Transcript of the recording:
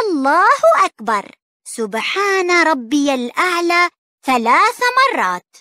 الله أكبر سبحان ربي الأعلى ثلاث مرات